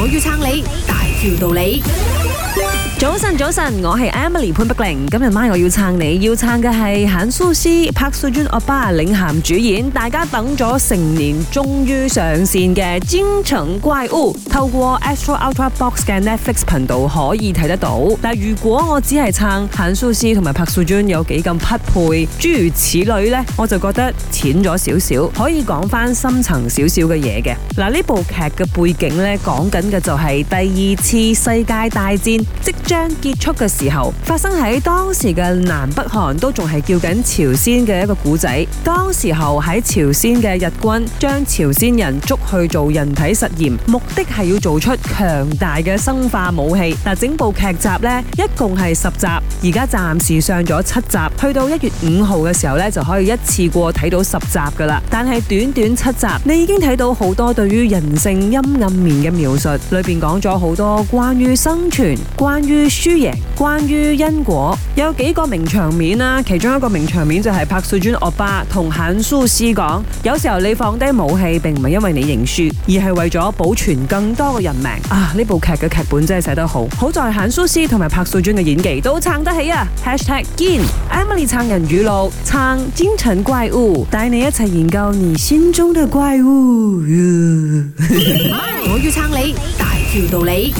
我要撐你，大條道理。早晨，早晨，我係 Emily 潘碧玲。今日晚我要撐你，要撐嘅係肯蘇斯、柏素尊阿巴領銜主演，大家等咗成年，終於上線嘅《京城怪物》，透過 Astro Ultra Box 嘅 Netflix 頻道可以睇得到。但如果我只係撐肯蘇斯同埋柏素尊有幾咁匹配，諸如此類呢，我就覺得淺咗少少，可以講翻深層少少嘅嘢嘅。嗱，呢部劇嘅背景呢，講緊嘅就係第二次世界大戰即。將結束嘅時候，發生喺當時嘅南北韓都仲係叫緊朝鮮嘅一個古仔。當時候喺朝鮮嘅日軍將朝鮮人捉去做人體實驗，目的係要做出強大嘅生化武器。嗱、啊，整部劇集呢，一共係十集，而家暫時上咗七集，去到一月五號嘅時候呢，就可以一次過睇到十集㗎喇。但係短短七集，你已經睇到好多對於人性陰暗面嘅描述，裏邊講咗好多關於生存、關於，輸贏，關於因果，有幾個名場面啦、啊，其中一個名場面就係柏樹尊阿霸同肯蘇斯講，有時候你放低武器，並唔係因為你認輸，而係為咗保存更多嘅人命啊！呢部劇嘅劇本真係寫得好，好在肯蘇斯同埋柏樹尊嘅演技都撐得起啊！Hashtag 堅 Emily 撐人語錄撐京城怪物，帶你一齊研究你心中的怪物。 我要撐你，大條道理。